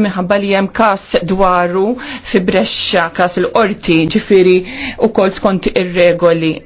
minħabba li hemm każ dwaru fi Brexxa każ il qorti ġifieri wkoll skont ir-regoli